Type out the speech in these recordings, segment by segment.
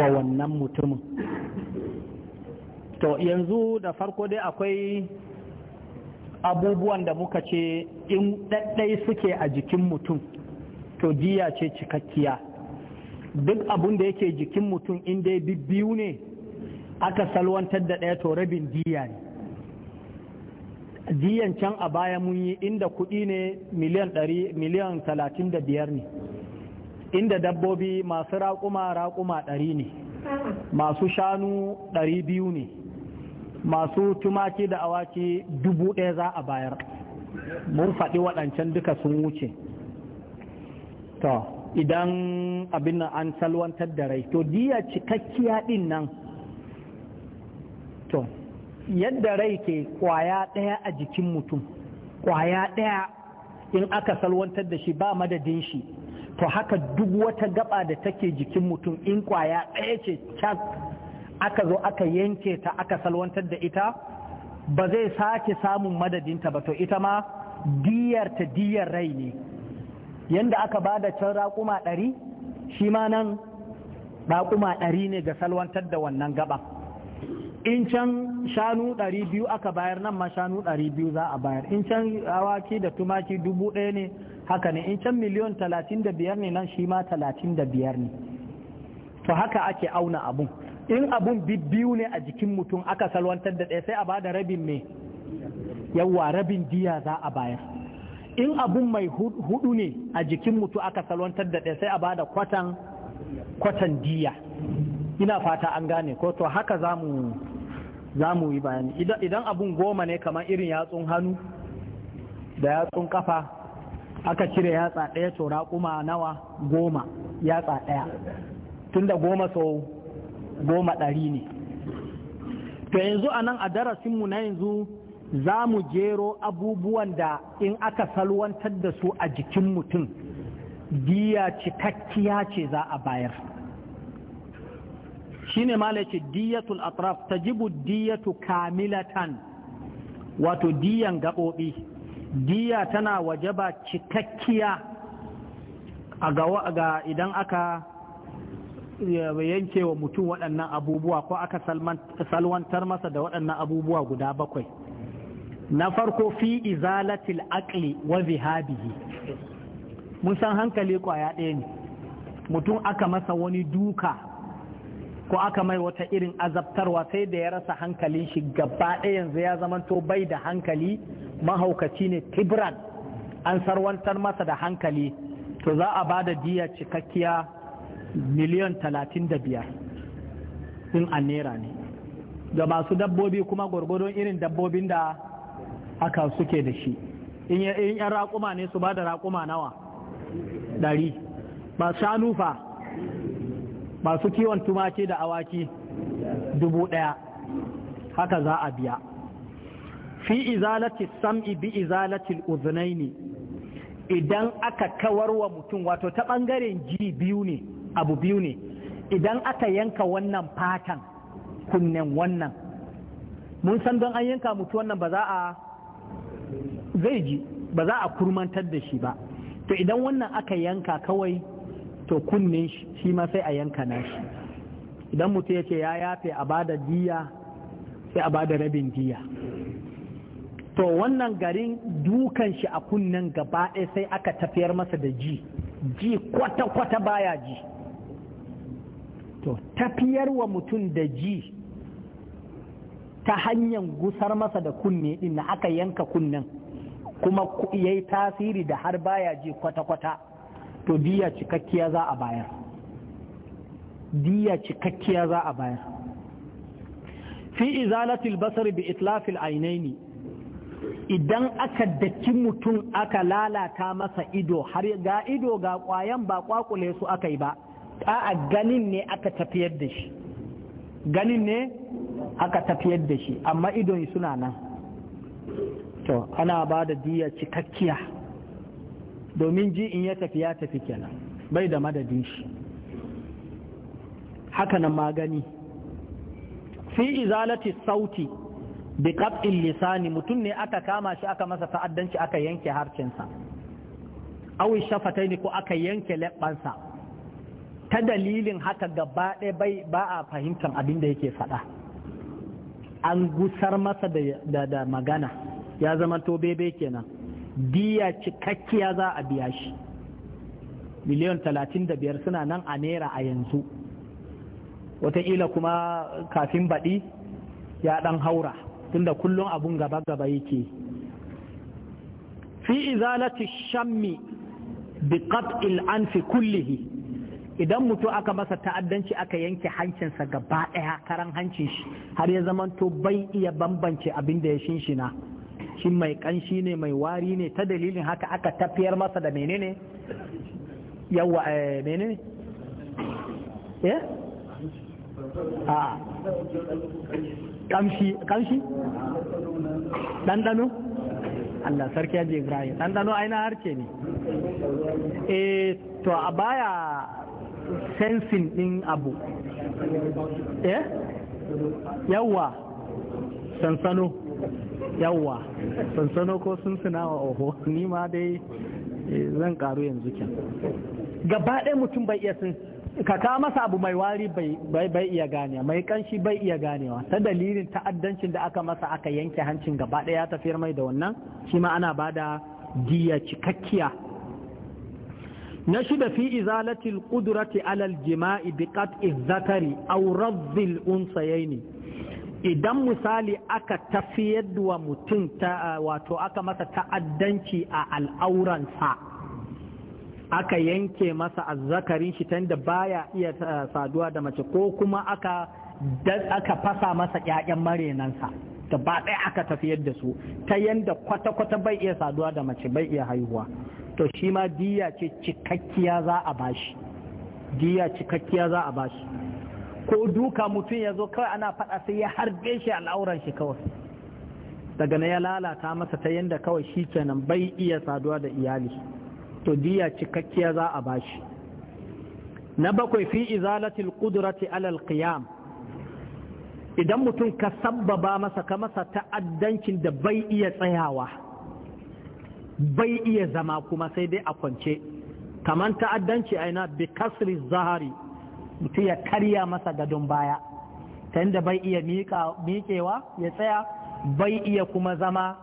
wa wannan mutumin to yanzu da farko dai akwai abubuwan da muka ce in ɗaɗɗai suke a jikin mutum to jiya ce cikakkiya duk abun da yake jikin mutum in dai biyu ne aka salwantar da ɗaya to rabin jiya ne jiyan can a baya mun yi inda kuɗi ne miliyan 35 ne inda dabbobi masu raƙuma raƙuma ɗari ne masu shanu ɗari biyu ne masu tumaki da awaki dubu ɗaya za a bayar mun faɗi waɗancan duka sun wuce to idan abin nan an salwantar da rai to diya cikakkiya ɗin nan to yadda rai ke kwaya ɗaya a jikin mutum kwaya ɗaya in aka salwantar da shi ba madadin shi to haka duk wata gaba da take jikin mutum in kwaya ɗaya ce cak aka zo aka yanke ta aka salwantar da ita ba zai sake samun madadinta ba to ita ma diyar ta diyar rai ne yanda aka ba da can raƙuma ɗari shi ma nan raƙuma ɗari ne ga salwantar da wannan gaba in can shanu ɗari biyu aka bayar nan ma shanu ɗari biyu za a bayar in can awaki da tumaki dubu ɗaya ne haka ne in can miliyon talatin da biyar ne nan shi ma talatin da biyar ne to haka ake auna abun in abun biyu ne a jikin mutum aka salwantar da ɗaya sai a ba da rabin me yawwa rabin diya za a bayar in abun mai hudu ne a jikin mutum aka salwantar da ɗaya sai a ba kwatan kwatan diya ina fata an gane ko to haka za mu za mu yi bayani idan abun goma ne kamar irin yatsun hannu da yatsun kafa aka cire yatsa ɗaya to raƙuma nawa goma yatsa ɗaya tunda goma sau goma ɗari ne to yanzu a nan a darasinmu na yanzu za mu jero abubuwan da in aka salwantar da su a jikin mutum diya cikakkiya ce za a bayar shine ma ce diyatul atraf jibu diyatu kamilatan wato diyan gaɓoɓi diya tana waje ba cikakkiya ga idan aka yanke wa mutum waɗannan abubuwa ko aka salwantar masa da waɗannan abubuwa guda bakwai na farko fi izalatil aqli wa zihabihi mun san hankali kwaya ɗaya ne mutum aka masa wani duka ko aka mai wata irin azabtarwa sai da ya rasa hankalin shi gaba ɗaya yanzu ya zamanto bai da hankali mahaukaci ne tibran an sarwantar masa da hankali to za a ba da diya cikakkiya miliyan talatin da biyar in a nera ne ga masu dabbobi kuma gwargwadon irin dabbobin da aka suke da shi in yan raƙuma ne su ba da raƙuma nawa ɗari ba shanufa masu kiwon tumaki da awaki dubu ɗaya haka za a biya fi izalati sam'i bi izalati uzunaini idan aka kawar wa mutum wato ta ɓangaren ji biyu ne abu biyu ne idan aka yanka wannan fatan kunnen wannan mun san don an yanka mutu wannan ba za a zai ji ba za a kurmantar da shi ba to idan wannan aka yanka kawai to kunne shi ma sai a yanka nashi idan mutum ya ce ya yafe a bada diya sai a bada rabin diya to wannan garin dukan shi a kunnen gaba ɗaya sai aka tafiyar masa da ji ji kwata-kwata baya ji to tafiyar wa mutum da ji ta hanyar gusar masa da kunne din na aka yanka kunnen kuma ya yi tasiri da har baya ji kwata-kwata to diya cikakkiya za a bayar diya cikakkiya za a bayar fi izalatil basar bi itlafil ainaini idan aka daki mutum aka lalata masa ido har ga ido ga kwayan ba kwakule su aka yi ba a ganin ne aka tafiyar da shi ganin ne aka tafiyar da shi amma idon suna nan to ana ba da diya cikakkiya domin ji in ya tafi ya tafi kenan bai da madadin shi hakanan magani fi izalati sauti bi qat'il lisani mutum ne aka kama shi aka masa ta'addanci aka yanke harcinsa aw shafataini ko aka yanke leɓɓansa ta dalilin haka gaba ɗaya ba a fahimtar abin da yake faɗa an gusar masa da magana ya zama to bebe kenan Biya cikakkiya za a biya shi miliyan talatin da biyar suna nan a naira a yanzu wataƙila kuma kafin baɗi ya ɗan haura tunda kullum abun gaba-gaba yake fi izalati shammi bi qat'il anfi kullihi idan mutu aka masa ta'addanci aka yanke hancinsa gaba ɗaya karan hancin shi har ya to bai iya bambance abin da ya shinshina shi mai kanshi ne mai wari ne ta dalilin haka aka tafiyar masa da menene yawa eh, menene eh a kamshi kamshi ɗanɗano Allah sarki yaji Ibrahim ɗanɗano aina harke ne eh to a baya sensing din abu eh yawa sansano yawwa sansano ko sun suna wa oho ni ma dai eh, zan karu yanzu kyan gaba ɗaya mutum bai iya sun ka kawo masa abu mai wari bai iya ganewa mai kanshi bai iya ganewa ta dalilin ta'addancin da aka masa aka yanke hancin gaba ɗaya ta tafiyar mai da wannan shi ma ana ba da diya cikakkiya na shida fi izalatil qudrati alal jima'i bi qat'i zakari aw sayayi unsayaini idan misali aka tafiyar wa mutum ta wato aka masa ta'addanci a al'auransa aka yanke masa azzakarin shi ta da baya iya saduwa da mace ko kuma aka aka fasa masa ƴaƴan marenansa ba ɗaya aka tafiyar da su ta yadda kwata-kwata bai iya saduwa da mace bai iya haihuwa to shi ma diya ce cikakkiya za a bashi diya cikakkiya za a bashi ko duka mutum ya zo kawai ana faɗa sai ya harbe shi al'auran shi kawai daga na ya lalata masa ta yadda kawai shi kenan bai iya saduwa da iyali to diya cikakkiya za a bashi na bakwai fi izalatil qudrati alal qiyam idan mutum ka sabbaba masa ka masa ta'addancin da bai iya tsayawa bai iya zama kuma sai dai a kwance kamar ta'addanci aina bi kasri zahari mutum ya karya masa gadon baya ta yadda bai iya miƙewa ya tsaya bai iya kuma zama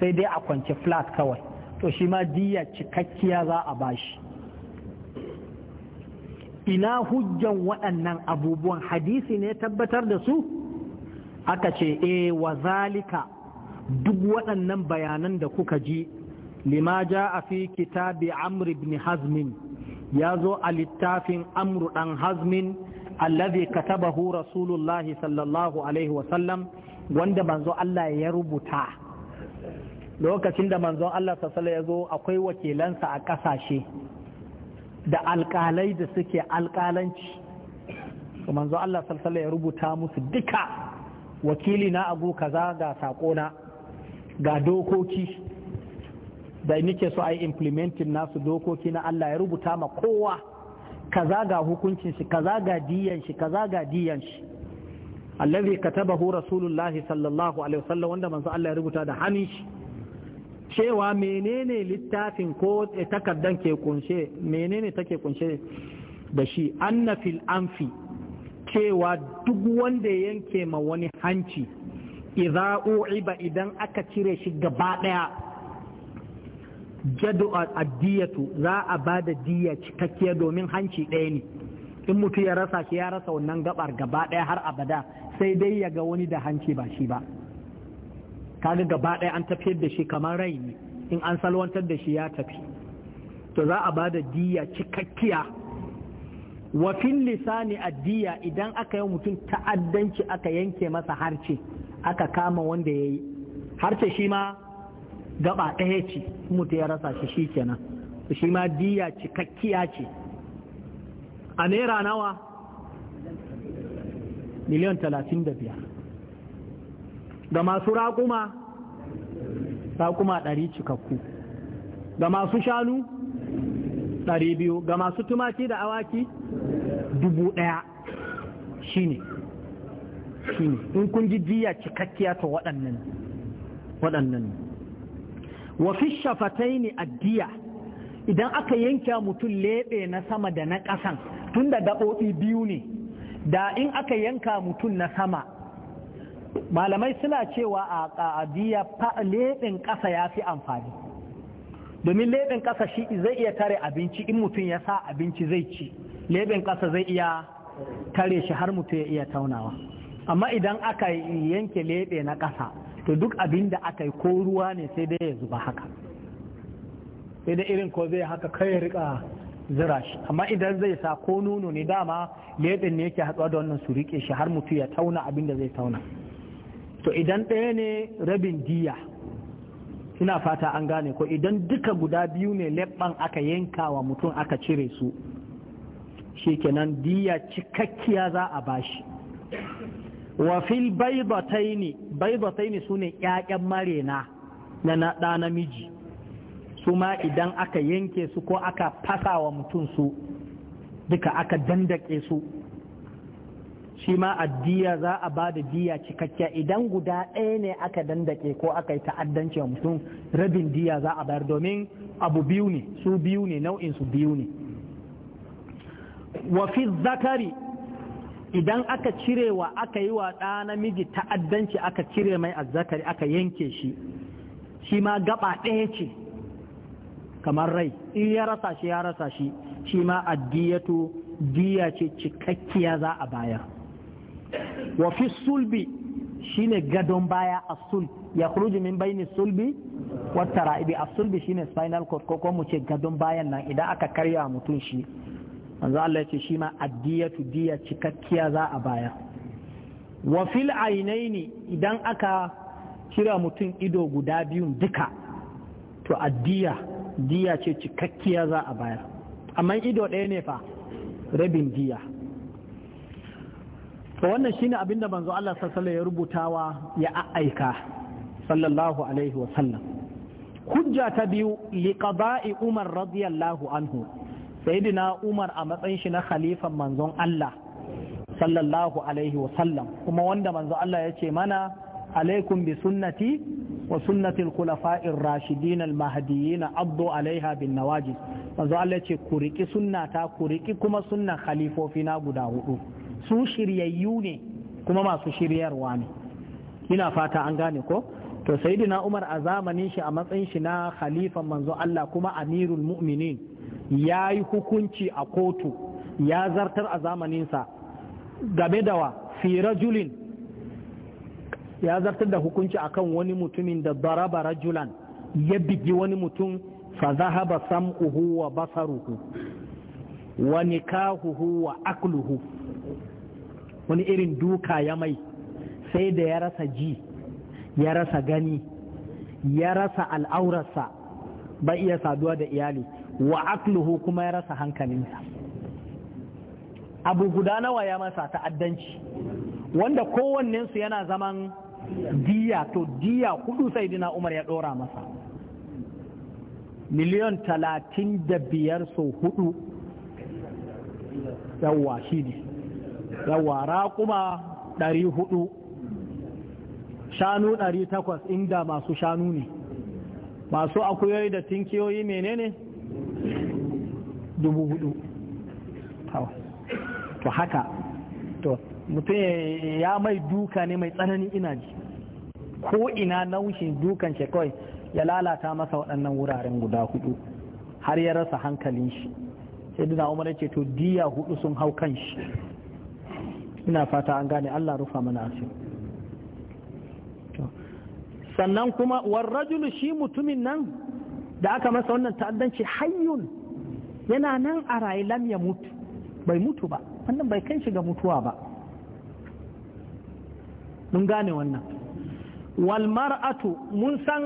sai dai a kwance flat kawai to shi ma diya cikakkiya za a bashi ina hujjan waɗannan abubuwan hadisi ne tabbatar da su aka ce e wa zalika duk waɗannan bayanan da kuka ji lima ja a fi kitabi amr ibn hazmin ya zo a littafin amru ɗan hazmin allazi katabahu rasulullahi sallallahu alaihi wasallam wanda manzo Allah ya rubuta lokacin da manzo Allah sassala ya zo akwai wakilansa a ƙasashe da alƙalai da suke alƙalanci manzo Allah sassala ya rubuta musu duka wakili na abu kaza ga saƙona ga dokoki da nike so a yi implementing nasu dokoki na Allah ya rubuta ma kowa kaza ga hukuncin shi kaza ga diyan shi kaza ga diyan shi allazi katabahu rasulullahi sallallahu alaihi wasallam wanda manzo Allah ya rubuta da hannun shi cewa menene littafin ko takardan ke kunshe menene take kunshe da shi anna fil anfi cewa duk wanda yanke ma wani hanci idza u'iba idan aka cire shi gaba daya jadu addiyatu za a ba da diya cikakkiya domin hanci ɗaya ne in mutu ya rasa shi ya rasa wannan gabar gaba ɗaya har abada sai dai ya ga wani da hanci ba shi ba kaga gaba ɗaya an tafiyar da shi kamar rai ne in an salwantar da shi ya tafi to za a ba da diya cikakkiya wafin lisani addiya idan aka yi mutum ta'addanci aka yanke masa harce aka kama wanda ya yi harce shi ma gaba ɗaya ce mutu ya rasa shi shi kenan shi ma diya cikakkiya ce a naira nawa miliyan talatin da biyar ga masu raƙuma raƙuma ɗari cikakku ga masu shanu ɗari biyu ga masu tumaki da awaki dubu ɗaya shi ne in kun ji jiya cikakkiya ta waɗannan waɗannan wa fi a addiya idan aka yanke mutum leɓe na sama da na ƙasan da daɓoɓi biyu ne da in aka yanka mutum na sama malamai suna cewa a ƙa'adiyya leɓin ƙasa ya fi amfani domin leɓin ƙasa shi zai iya tare abinci in mutum ya sa abinci zai ci leɓin ƙasa zai iya tare shi har mutum ya iya taunawa amma idan aka yanke leɓe na ƙasa to duk abin da aka yi ko ruwa ne sai dai ya zuba haka sai da irin ko zai haka kai ya rika zira shi amma idan zai sa ko nono ne dama leɗin ne yake hatsuwa da wannan su rike shi har mutu ya tauna abin da zai tauna to idan ɗaya ne rabin diya ina fata an gane ko idan duka guda biyu ne leɓɓan aka yanka wa mutum aka cire su shikenan diya cikakkiya za a bashi wafil fil ne sune ƴaƴan marena na na ɗa namiji su ma idan aka yanke su ko aka fasa wa mutum su duka aka dandake su shi ma addiya za a ba da diya cikakkiya idan guda ɗaya ne aka dandake ko aka yi ta'addanci wa mutum rabin diya za a bayar domin abu biyu ne su biyu ne nau'in su biyu ne Wafi zakari idan aka cire wa aka yi wa ɗa namiji ta'addanci aka cire mai azzakari aka yanke shi shi ma gaba ɗaya ce kamar rai in ya rasa shi ya rasa shi shi ma addiyatu diya ce cikakkiya za a bayar wa fi sulbi shine gadon baya a sulbi. ya kuruji min ni sulbi wata ra'ibi a sulbi shine spinal cord ko mu ce gadon bayan nan idan aka karya mutum shi manzo Allah ya ce shi ma addiyatu diya cikakkiya za a baya wa fil ainaini idan aka kira mutum ido guda biyun duka to addiya diya ce cikakkiya za a baya amma ido ɗaya ne fa rabin diya to wannan shine abinda manzo Allah sallallahu alaihi ya rubutawa ya aika sallallahu alaihi wa sallam hujja ta biyu liqada'i umar radiyallahu anhu sayyidina umar a matsayin shi na khalifan manzon Allah sallallahu alaihi wasallam kuma wanda manzo Allah ya ce mana alaikum bi sunnati wa sunnati al-khulafa'ir rashidin al-mahdiyyin abdu alaiha bin nawajid manzon Allah ce ku riki sunnata ku riki kuma sunnan khalifofi na guda hudu su shiryayyu ne kuma masu shiryarwa ne ina fata an gane ko to sayyidina umar a zamanin shi a matsayin shi na khalifan manzo Allah kuma amirul mu'minin ya yi hukunci a kotu ya zartar a zamaninsa game da wa fi julin!" ya zartar da hukunci a kan wani mutumin da baraba rajulan ya bigi wani mutum fa zahaba sam'uhu wa basaruhu wa nikahuhu wa akluhu wani irin duka ya mai sai da ya rasa ji ya rasa gani ya rasa al'aurarsa ba iya saduwa da iyali wa akluhu kuma ya rasa hankalinsa abu guda nawa ya masa ta'addanci wanda kowannensu yana zaman diya to diya kudu sai dina umar ya dora masa miliyon talatin da biyar so hudu yawa shi ne yawa raƙuma ɗari hudu shanu ɗari takwas inda masu shanu ne masu akuyoyi da tinkiyoyi menene dubu hudu to haka to mutum ya mai duka ne mai tsananin ina ji ko ina naushin dukan shi kawai ya lalata masa waɗannan wuraren guda hudu har ya rasa hankalin shi sai duna umar ce to diya hudu sun hau kan shi ina fata an gane Allah rufa mana su sannan kuma warrajulu shi mutumin nan da aka masa wannan ta'addanci hayyun yana nan a rayu lam ya mutu bai mutu ba wannan bai kai shi ga mutuwa ba mun gane wannan wal mar'atu mun san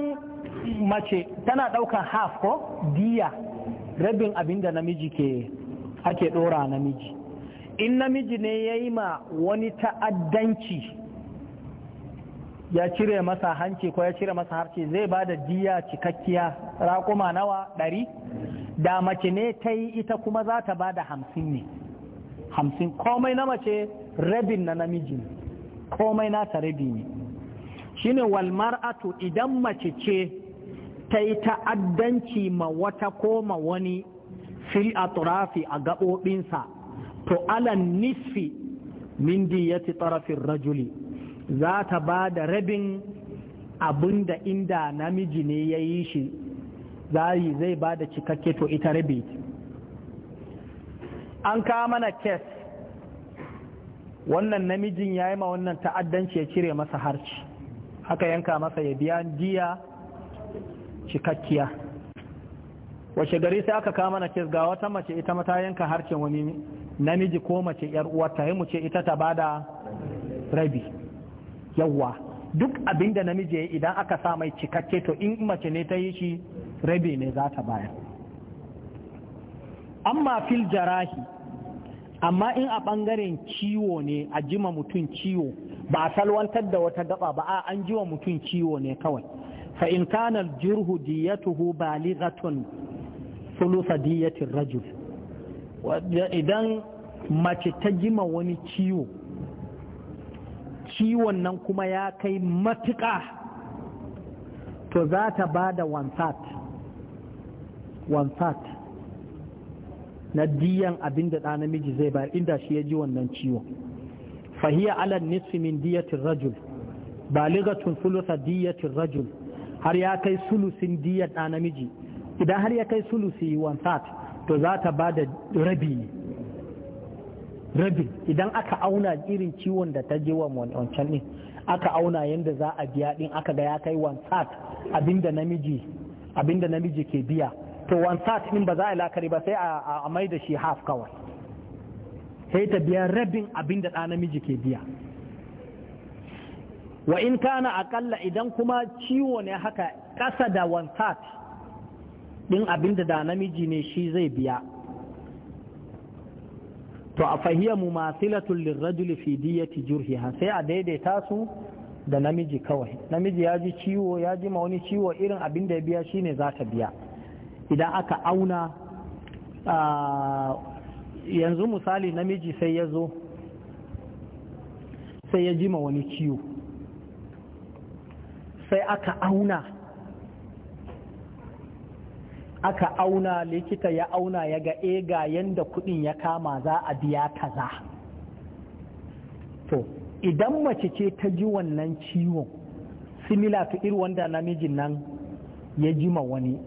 mace tana ɗaukar half ko diya rabin abin da namiji ke ake ɗora namiji in namiji ne ya yi ma wani ta'addanci ya cire masa hanci ko ya cire masa harci, zai ba da diya cikakkiya raƙuma nawa ɗari da mace ne ta yi ita kuma za ta ba da hamsin ne hamsin komai na mace rabin na namiji komai na ta rabi ne shine walmar'atu idan mace ce ta yi ta'addanci ma wata ko ma wani fil turafi a gaɓoɓinsa to alan nisfi min diyati tarafin rajuli za ta ba da rabin abin da inda namiji ne ya yi shi zai ba da cikakke to ita rabi an kawo mana kes wannan namijin ya yi ma wannan ta'addanci ya cire masa harci aka yanka masa ya biya diya cikakkiya wace gari sai aka kawo mana kes ga wata mace ita mata yanka harcin wani namiji ko mace yar uwarta ya mu ce ita ta bada rabi yawwa duk abin da namiji ya idan aka sa mai cikakke to in mace ne ta yi shi rabi ne za ta bayar amma fil jarahi amma in a ɓangaren ciwo ne a jima mutum ciwo ba a salwantar da wata gaba ba a an jiwa mutum ciwo ne kawai fa in kana jirhu diyatuhu balighatun thulutha diyatir rajul idan mace ta jima wani ciwo ciwon nan kuma ya kai matuƙa to za ta ba da wansat na diyan abin da ɗa namiji zai bayar inda shi ya ji wannan ciwon fahiyar alal nisfi min diyatin rajul baligatun sulusa diyatin rajul har ya kai sulusin diyar ɗa namiji idan har ya kai sulusi wansat to za ta ba da rabi ne rabin idan aka auna irin ciwon da ta je wa wancan ɗin aka auna yadda za a biya din aka ga ya kai wansat abinda namiji namiji ke biya to wansat ɗin ba za a lakari ba sai a mai da shi half kawai sai ta biya rabin abinda ɗa namiji ke biya wa in kana akalla idan kuma ciwo ne haka ƙasa da wansat ɗin abinda da namiji ne shi zai biya to a fahiyar mumathilatul lirrajuli fi diyati jurhiha sai a daidaita su da namiji kawai namiji ya ji ciwo ya ji ma wani ciwo irin abin da ya biya shine za ta biya idan aka auna yanzu misali namiji sai ya zo sai ya ji ma wani ciwo sai aka auna aka auna likita ya auna ya ga e ga yanda kudin ya kama za a biya kaza to idan mace ce ta ji wannan ciwon similar to irin wanda namijin nan ya jima wani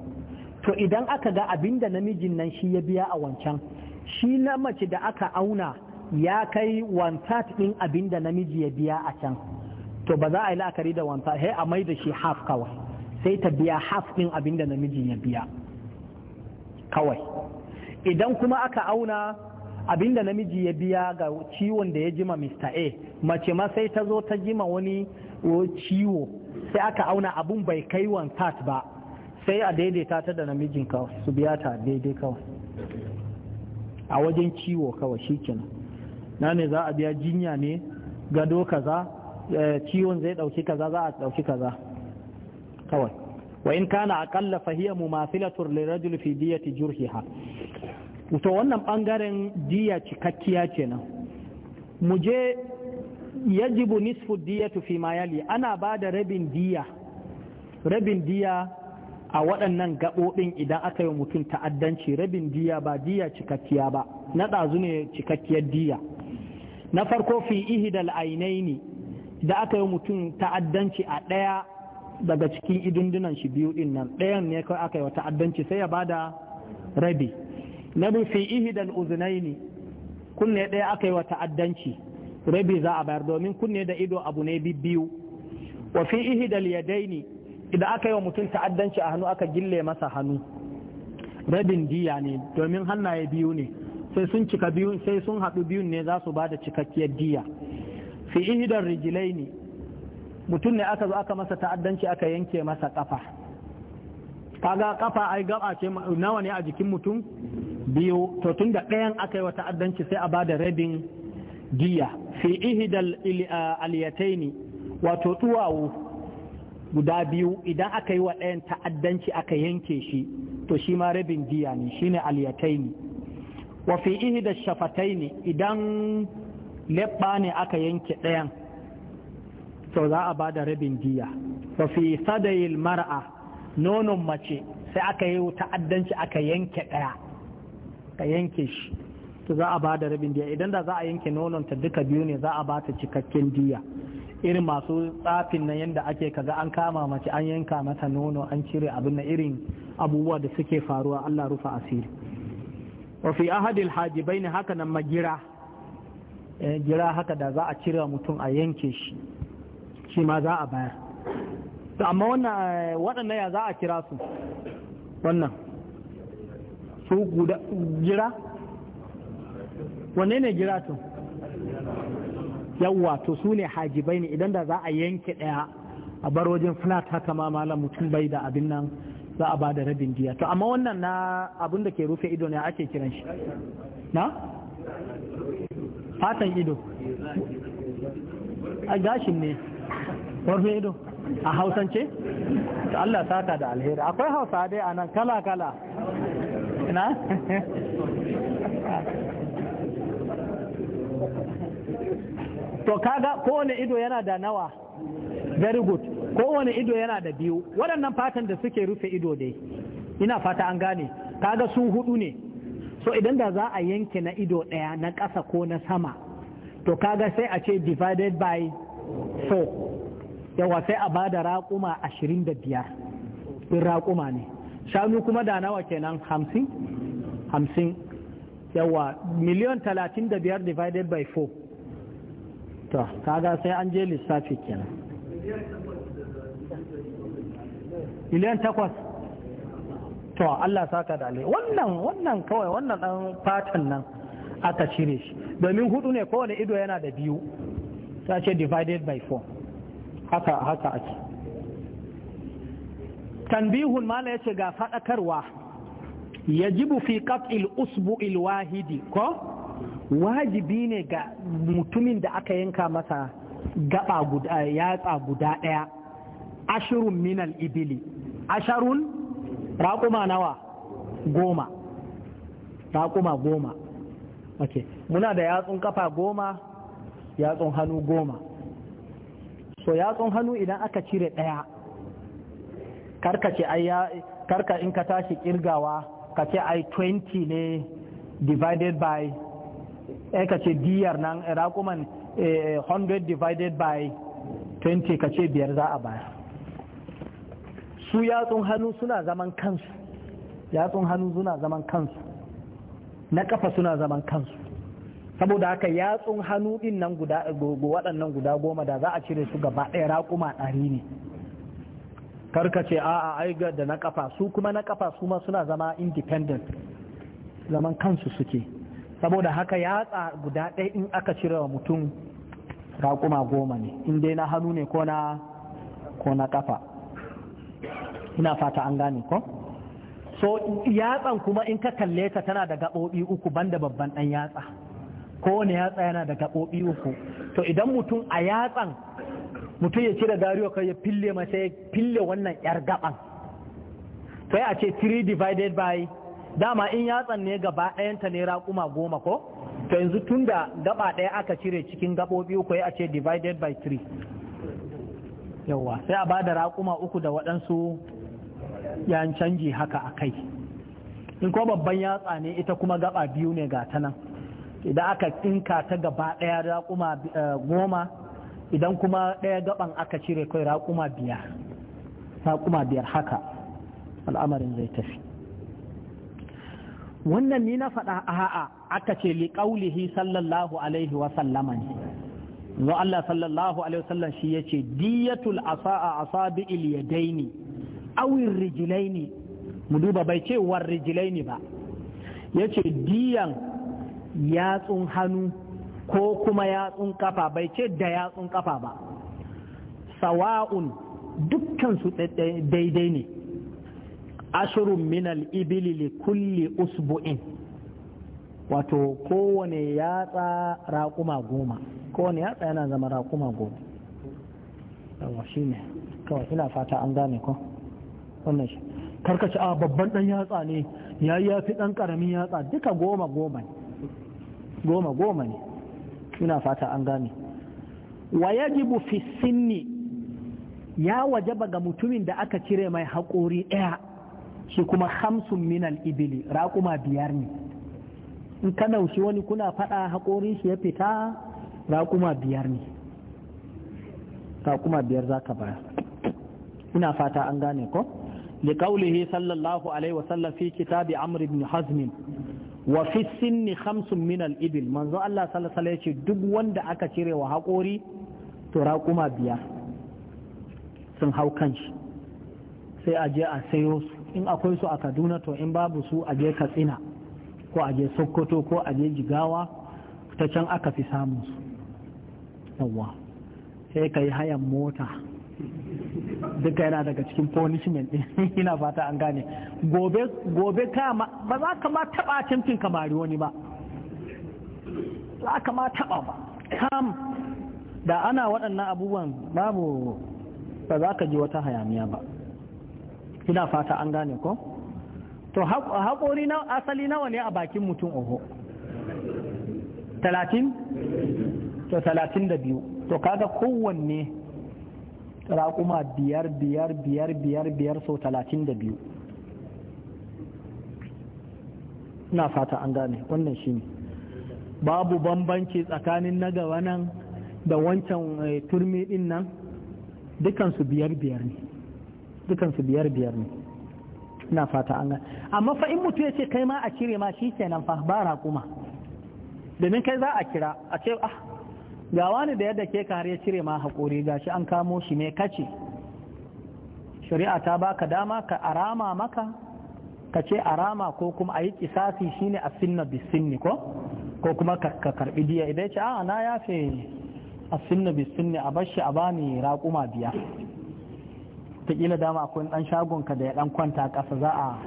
to idan aka ga abinda da namijin nan shi ya biya a wancan shi na mace da aka auna ya kai wanta ɗin abin namiji ya biya a can to ba za a yi la'akari da wanta sai a mai da shi half kawai sai ta biya haf ɗin abinda da namiji ya biya kawai idan kuma aka auna abinda namiji ya biya ga ciwon da ya jima Mr. A mace ma sai ta zo ta jima wani ciwo sai aka auna abun bai kai wan part ba sai a daidaita ta da namijin ka su biya ta daidai kawai a wajen ciwo kawai shikenan na ne za a biya jinya ne gado kaza eh, ciwon zai dauki kaza za a dauki kaza kawai wa in kana aqalla fa hiya mumathilatun lirajul fi diyati jurhiha to wannan bangaren diya cikakkiya kenan mu je yajibu nisfu diyatu fi ma yali ana ba da rabin diya rabin diya a waɗannan gaɓoɓin idan aka yi mutum ta'addanci rabin diya ba diya cikakkiya ba na ɗazu ne cikakkiyar diya na farko fi ihidal ne da aka yi mutum ta'addanci a ɗaya daga cikin idindunan shi biyu din nan ɗayan ne kawai aka yi wata addanci sai ya bada rabi na fi ihidal uzunaini kunne ɗaya aka yi wata addanci rabi za a bayar domin kunne da ido abu ne biyu wa fi ihidal yadaini idan aka yi wa mutum ta'addanci a hannu aka gille masa hannu rabin diya ne domin hannaye biyu ne sai sun cika biyu sai sun haɗu biyun ne za su ba da cikakkiyar diya fi ihidar rijilaini mutum ne aka zo aka masa ta'addanci aka yanke masa kafa kaga kafa ai gaba ce nawa ne a jikin mutum biyu to tun da ɗayan aka yi wa ta'addanci sai a ba da rabin giya fi ihdal aliyataini wato duwawu guda biyu idan aka yi wa ɗayan ta'addanci aka yanke shi to shi ma rabin giya ne shine aliyataini wa fi ihdal shafataini idan leɓɓa ne aka yanke ɗayan to za a ba da rabin diya wa fi sadayil mar'a nonon mace sai aka yi ta'addanci aka yanke ɗaya ka yanke shi to za a ba da rabin diya idan da za a yanke nonon ta duka biyu ne za a ba ta cikakken diya irin masu tsafin nan yadda ake kaga an kama mace an yanka mata nono an cire abin na irin abubuwa da suke faruwa Allah rufa asiri wa fi ahadil hajibai ne haka nan magira eh, gira haka da za a cire mutum a yanke shi shi ma za a bayar to amma wannan eh, waɗannan ya za a kira su wannan su guda gira wanne ne gira to yawwa to su ne hajibai ne idan da za a yanke ɗaya a bar wajen flat haka ma malam mutum bai da abin nan za a ba da rabin diya to amma wannan na abin da ke rufe ido ne ake kiran shi na fatan ido a gashin ne warfe ido a hausance ta Allah saka da alheri akwai hausa dai a nan kala-kala na? to kaga kowane ido yana da nawa very good kowane ido yana da biyu waɗannan fatan da suke rufe ido dai ina fata an gane kaga su hudu ne so idan da za a yanke na ido ɗaya na ƙasa ko na sama to kaga sai a ce divided by four yawa sai a bada raƙuma ashirin da biyar in raƙuma ne shanu kuma da nawa kenan hamsin hamsin yawa miliyan talatin da biyar divided by four to kaga sai an je lissafi kenan miliyan takwas to Allah saka da alai wannan wannan kawai wannan dan fatan nan aka cire shi domin hudu ne kowane ido yana da biyu ta ce divided by four haka haka ake tanbihun mala yace ga fadakarwa yajibu fi qat'il usbu'il wahidi ko wajibi ne ga mutumin da aka yanka masa gaba guda eh, yatsa guda daya ashrun minal ibili asharun raƙuma nawa goma raƙuma goma okay muna da yatsun kafa goma yatsun hannu goma so yatsun hannu idan aka cire ɗaya karkace karka in ka tashi kirgawa ka ce ai 20 ne divided by eh ka ce diyar nan eh, raƙuman 100 eh, divided by 20 ka ce biyar za a bayar su yatsun hannu suna zaman kansu yatsun hannu suna zaman kansu na kafa suna zaman kansu saboda haka yatsun hannu din nan guda waɗannan guda goma da za a cire su gaba ɗaya raƙuma ɗari ne karkace a a aiga da na kafa su kuma na kafa su ma suna zama independent zaman kansu suke saboda haka yatsa guda ɗaya in aka cire wa mutum raƙuma goma ne in dai na hannu ne ko na ko na kafa ina fata an gane ko so yatsan kuma in ka kalle ta tana da gaɓoɓi uku banda babban ɗan yatsa kowane yatsa yana da gaɓoɓi uku to idan mutum a yatsan mutum ya cire gariwa kai ya fille mace ya fille wannan yar gaban to ya ce 3 divided by dama in yatsan ne gaba ɗayanta ne raƙuma goma ko to yanzu tun da gaba ɗaya aka cire cikin gaɓoɓi uku ya ce divided by 3 yawa sai a bada raƙuma uku da waɗansu yan canji haka a kai in ko babban yatsa ne ita kuma gaba biyu ne ga ta nan idan aka tsinka ta gaba ɗaya raƙuma eh, goma idan kuma ɗaya gaban aka cire kai raƙuma biyar raƙuma biyar haka al'amarin zai tafi wannan ni na faɗa a'a aka ce liƙaulihi sallallahu alaihi wa sallama ne zo Allah sallallahu alaihi wa sallam shi ce, diyatul asa'a asabi'il yadaini awir rijilaini mu duba bai ce war rijilaini ba yace diyan yatsun hannu ko kuma yatsun kafa bai ce da yatsun kafa ba sawa'un dukkan su daidai ne ashirin minal ibili li kulli usbu'in wato kowane yatsa raƙuma goma kowane yatsa yana zama raƙuma goma yawa shi ne kawai ina fata an gane ko wannan shi karkaci a ah, babban ɗan yatsa ne ya yi ya fi ɗan ƙaramin yatsa duka goma goma ne goma goma ne ina fata an gane wa yajibu fi sinni ya wajaba ga mutumin da aka cire mai haƙori ɗaya shi kuma hamsin minal ibili raƙuma biyar ne in ka naushi wani kuna faɗa haƙorin shi ya fita raƙuma biyar ne raƙuma biyar za ka baya ina fata an gane ko لقوله صلى الله عليه وسلم في كتاب عمرو بن حزم wa fi sinni khamsun min al-ibil manzo Allah sallallahu alaihi ce duk wanda aka cire wa haƙori to raƙuma biyar sun hau kanshi sai a je a sayo su in akwai su a Kaduna to in babu su a je Katsina ko a je Sokoto ko a je Jigawa ta can aka fi samun su yawwa sai kai hayan mota duka yana daga cikin punishment din ina fata an gane gobe gobe ka ba za ka ma taba ka kamari wani ba za ka ma taba ba kam da ana waɗannan abubuwan babu ba za ka ji wata hayaniya ba ina fata an gane ko to haƙori na asali nawa ne a bakin mutum oho talatin to talatin da biyu to kaga kowanne raƙuma biyar biyar biyar biyar biyar sau talatin da biyu na fata an gane wannan shi ne babu bambanci tsakanin na gaba nan da wancan eh, turmi din nan dukansu biyar biyar ne dukansu biyar biyar ne na fata an gane amma fa in mutu ya ce kai ma a cire ma shi kenan fa ba raƙuma domin kai za a kira a ce ah ga wani da yadda ke har ya cire ma haƙuri gashi an kamo shi mai kace shari'a ta baka dama ka arama maka ka ce arama ko kuma a yi kisasi shine a sinna bisinni ko ko kuma ka karbi diya idan ce a na yafe a sinna bisinni a bashi a bani raƙuma biya ta dama akwai ɗan ka da ya ɗan kwanta ƙasa za a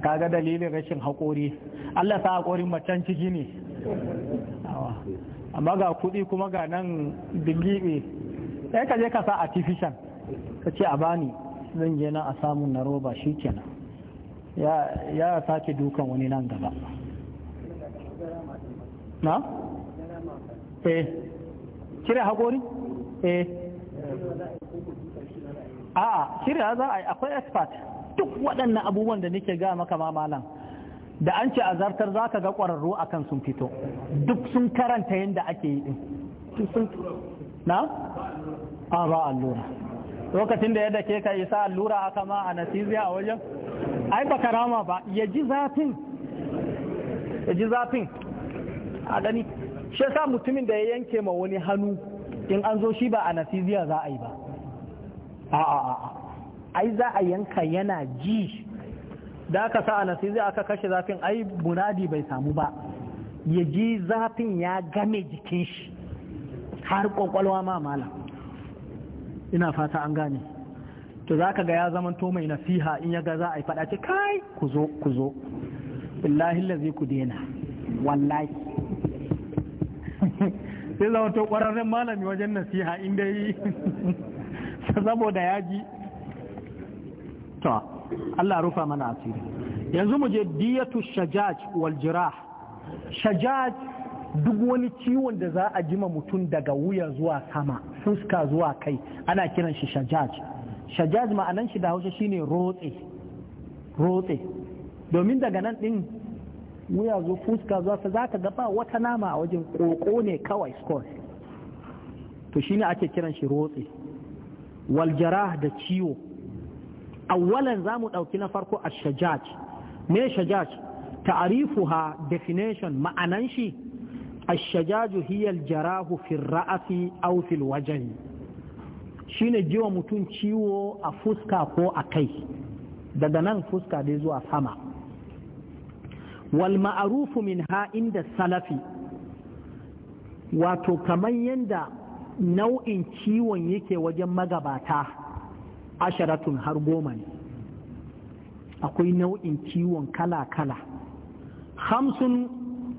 kaga dalilin rashin haƙori Allah sa haƙorin macen ciki ne amma ga kuɗi kuma ga nan bilibe sai ka je ka sa artificial ka ce a bani zan je nan a samun na roba shi kenan ya sake dukan wani nan gaba na? eh cire haƙori? eh a'a cire za a akwai expert duk waɗannan abubuwan da nake ga maka mamalan malam da an ce azartar za ka ga ƙwararru a kan sun fito duk sun karanta yadda ake yi ɗin na? a ba allura lokacin da yadda ke ka yi sa allura aka ma a anesthesia a wajen ai ba karama ba ya ji zafin ya ji zafin a gani shi sa mutumin da ya yanke ma wani hannu in an zo shi ba a anesthesia za a yi ba a a a ai za a yanka yana ji da aka sa zai aka kashe zafin ai muradi bai samu ba ya ji zafin ya game jikin shi har kwakwalwa ma malam ina fata an gane to za ka ga ya zaman to mai nasiha in ya ga za a yi faɗa ce kai ku zo ku zo billahi lazi ku dena wallahi sai zama to kwararren malami wajen nasiha inda yi saboda ya ji Allah rufa mana asiri yanzu mu je diyatu shajaj wal jirah shajaj duk wani ciwon da za a jima mutum daga wuya zuwa sama fuska zuwa kai ana kiran shi shajaj shajaj ma'anan shi da hausa shine rotse rotse domin daga nan din wuya zuwa fuska zuwa sa zaka ga ba wata nama a wajen koko ne kawai score to shine ake kiran shi rotse wal jarah da ciwo awwalan za mu ɗauki na farko a shajaj me shajaj ha definition ma'anan shi الشجاج هي الجراه في au أو في الوجه shine jiwa mutum ciwo a fuska ko a kai daga nan fuska dai zuwa sama wal ma'arufu min ha inda salafi wato kamar yadda nau'in ciwon yake wajen magabata asharatun har goma ne akwai nau'in kiwon kala-kala hamsun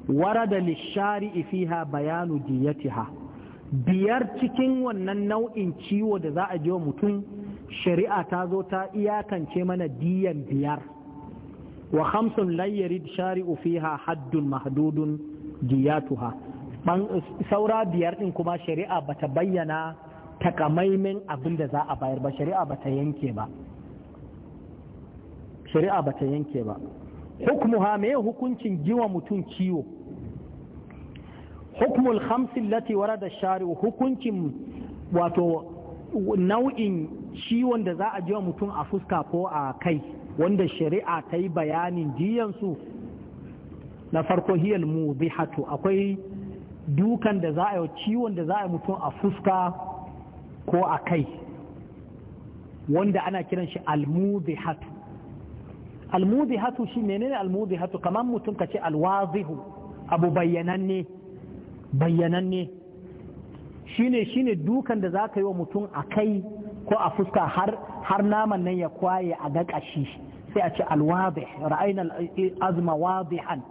warada lishari ifiha bayanu diyatiha biyar cikin wannan nau'in ciwo da za a je wa mutum shari'a ta zo ta iyakance mana diyan biyar wa hamsin layyarid shari'u ufiha haddun mahdudun diyatuha saura biyar ɗin kuma shari'a bata bayyana takamaimin abin da za a bayar ba shari'a ba ta yanke ba shari'a ba ta yanke ba ha me hukuncin jiwa mutum ciwo hukmul khamsin lati warada shari'u hukuncin wato nau'in ciwon da za a jiwa mutum a fuska ko a kai wanda shari'a ta yi bayanin jiyansu na farko hiyal mubihatu akwai dukan da za a yi ciwon da za a yi mutum a fuska ko a kai wanda ana kiran shi almubihatu almubihatu shi menene almubihatu kamar mutum ka ce alwazihu abu bayyananne bayyananne shine shine dukan da zaka yi wa mutum a kai ko a fuska har naman nan ya kwaye a ga ƙashi sai a ce alwazih ra'ayna azma wazihan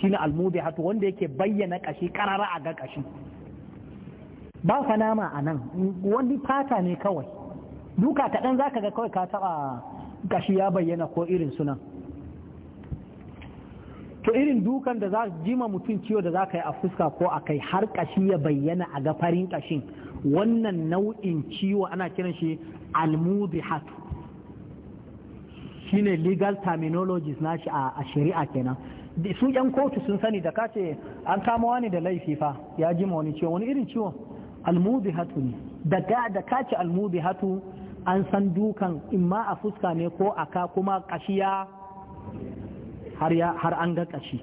shine almubihatu wanda yake bayyana ƙashi karara a ga ƙashi ba ka nama a nan wani fata ne kawai duka kaɗan za ka ga kawai ka taɓa gashi ya bayyana ko irin sunan to irin dukan da za jima mutum ciwo da za ka yi a fuska ko a kai har kashi ya bayyana a gafarin kashin wannan nau'in ciwo ana kiran shi almudihatu shine legal terminologies shi a shari'a kenan su yan kotu sun sani da kace an kama wani da laifi fa ya jima wani ciwo wani irin ciwo almubihatu ne daga da kaci almubihatu an san dukan imma a fuska ne ko a ka kuma kashiya har an ga kashi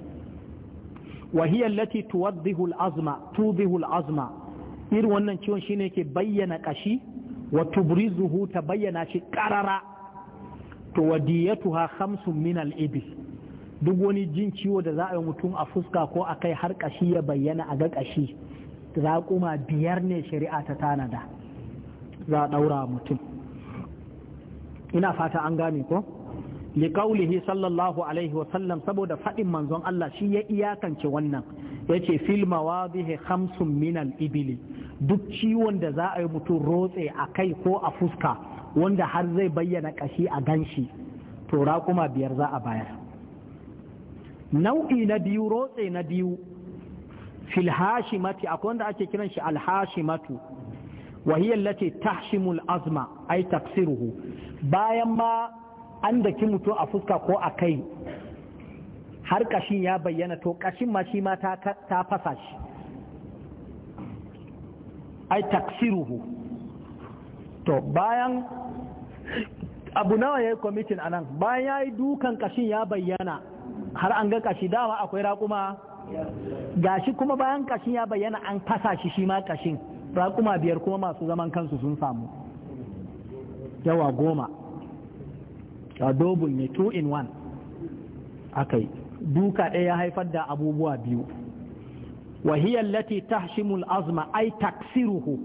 وهي التي توضح العظمة توضح العظمة إير wannan ciwon shine ke bayyana kashi wa tubrizuhu tabayyana shi qarara to wadiyatuha min al-ibil duk wani jin ciwo da za a yi mutum a fuska ko a kai har kashi ya bayyana a ga kashi raƙuma biyar ne shari'a ta tanada za a ɗaura mutum ina fata an gane ko liƙaulihi sallallahu alaihi wa sallam saboda faɗin manzon Allah shi ya iyakance wannan yace ce filma wa bihe al minal ibili duk ciwon da za a yi mutum rotse a kai ko a fuska wanda har zai bayyana ƙashi a ganshi to raƙuma biyar za a bayar nau'i na biyu rotse na biyu fil hashimati akwai wanda ake kiran shi al hashimatu wa hiya allati azma ay taksiruhu bayan ma an daki mutum a fuska ko a kai har kashin ya bayyana to kashin ma shi ma ta fasa shi ai taksiruhu to bayan abu nawa ya yi kwamitin anan bayan ya yi dukan kashin ya bayyana har an ga kashi dama akwai raƙuma gashi kuma bayan kashin ya bayyana an fasa shi shi ma kashin raƙuma biyar kuma masu zaman kansu sun samu yawa goma a dobin ne two in one aka yi duka ɗaya ya haifar da abubuwa biyu wahiyar lati tashimul azma ai taksiruhu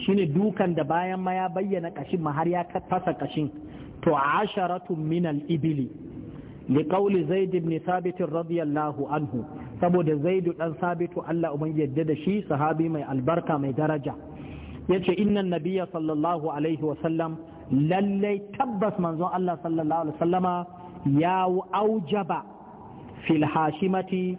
shine dukan da bayan ma ya bayyana kashin ma har ya fasa kashin to a asharatun minal ibili liƙauli zaid ibn sabitin radiyallahu anhu saboda zaidu dan sabitu Allah uban yadda da shi sahabi mai albarka mai daraja yace innan nabiyya sallallahu alaihi wa sallam lallai tabbas manzon Allah sallallahu alaihi wa sallama ya aujaba fil hashimati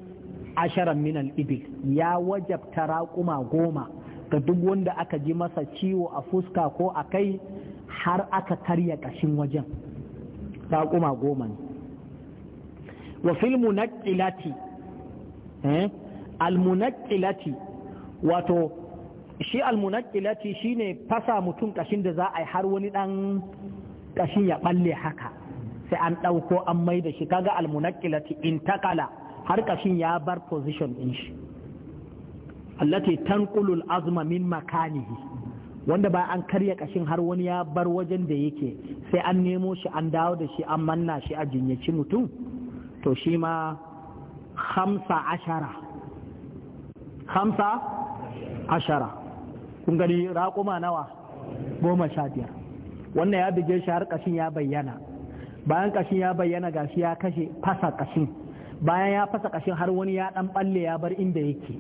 asharan min al ibil ya wajabta raquma goma ga duk wanda aka ji masa ciwo a fuska ko a kai har aka karya kashin wajen raquma goma ne wa fil munaqilati Hmm? almunakilati wato shi almunakilati shine fasa mutum kashin da za a yi har wani ɗan kashin ya balle haka sai an ɗauko an mai da shi kaga almunakilati in takala har kashin ya bar position in shi allati tanqulul azma min makanihi wanda ba an karya kashin har wani ya bar wajen da yake sai an nemo shi an dawo da shi an manna shi a jinyaci mutum to shi ma hamsa ashara hamsa ashara kun raƙuma nawa goma sha biyar wannan ya bige shi har ƙashin ya bayyana bayan kashin ya bayyana gashi ya kashe fasa ƙashin bayan ya fasa ƙashin har wani ya ɗan ɓalle ya bar inda yake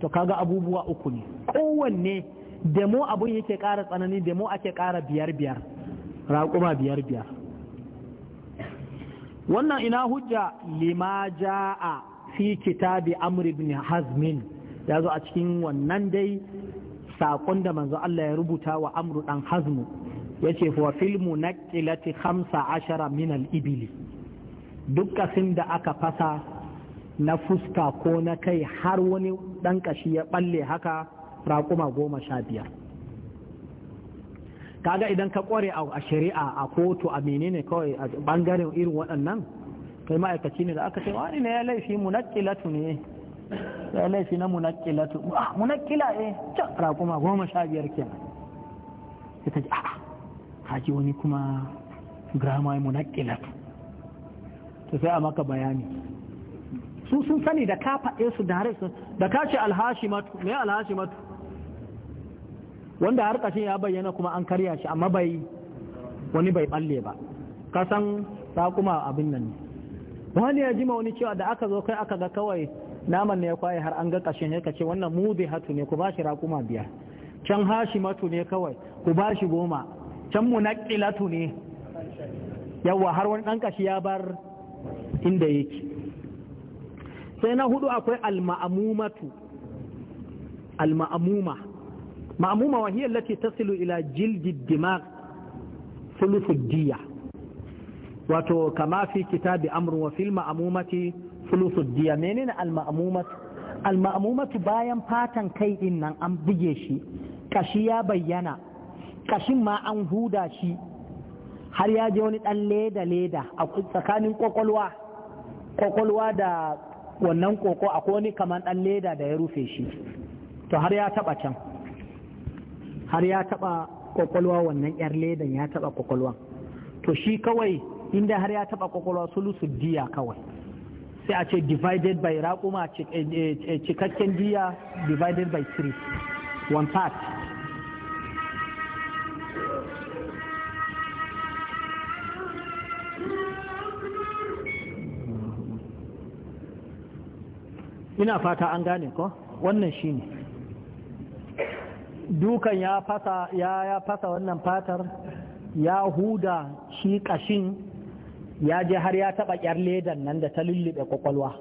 to kaga abubuwa uku ne kowanne demo abun yake ƙara tsanani demo ake ƙara biyar biyar raƙuma biyar biyar wannan ina hujja lima ja'a fi kitabi amr ibn hazmin ya zo a cikin wannan dai saƙon da manzo Allah ya rubuta wa amru dan hazmu ya ce fa filmu na ƙilati hamsa ashara min al'ibili duk ƙasin da aka fasa na fuska ko na kai har wani ɗan ƙashi ya ɓalle haka raƙuma goma sha biyar kaga idan ka kware a shari'a a kotu a menene kawai a bangaren irin waɗannan kai ma'aikaci ne da aka ce wani ne ya laifi munakilatu ne ya laifi na munakilatu ah munakila eh ta rakuma goma sha biyar kenan sai ta ji a'a kaji wani kuma grama munakilatu to sai a maka bayani su sun sani da ka faɗe su da da ka ce alhashimatu me alhashimatu wanda har ƙashin ya bayyana kuma an karya shi amma bai wani bai balle ba kasan ta kuma abin nan wani ya jima wani cewa da aka zo kai aka ga kawai naman ne ya kwaye har an ga ƙashin ya kace wannan mubi hatu ne ku ba shi raƙuma biyar can hashimatu ne kawai ku ba shi goma can munaqilatu ne yawa har wani ɗan kashi ya bar inda yake sai na hudu akwai alma'amumatu alma'amuma ma'amuma wa hiya allati tasilu ila jildi dimag thuluthu diya wato kama fi kitabi amr wa fil ma'amumati diya menene al ma'amumatu al ma'amumatu bayan fatan kai din nan an buge shi kashi ya bayyana kashin ma an huda shi har ya je wani dan leda leda a tsakanin kwakwalwa da wannan koko akwai wani kamar dan leda da ya rufe shi to har ya taba can har ya taba kwakwalwa wannan yar ledan ya taba kwakwalwa to shi kawai inda har ya taba kwakwalwa sulusu diya kawai sai a ce divided by raƙuma eh, eh, cikakken diya divided by 3 one part ina fata an gane ko wannan shi ne. dukan ya fasa ya ya fasa wannan fatar ya huda shi kashin ya je har ya taba kyar ledan nan da ta lullube kwakwalwa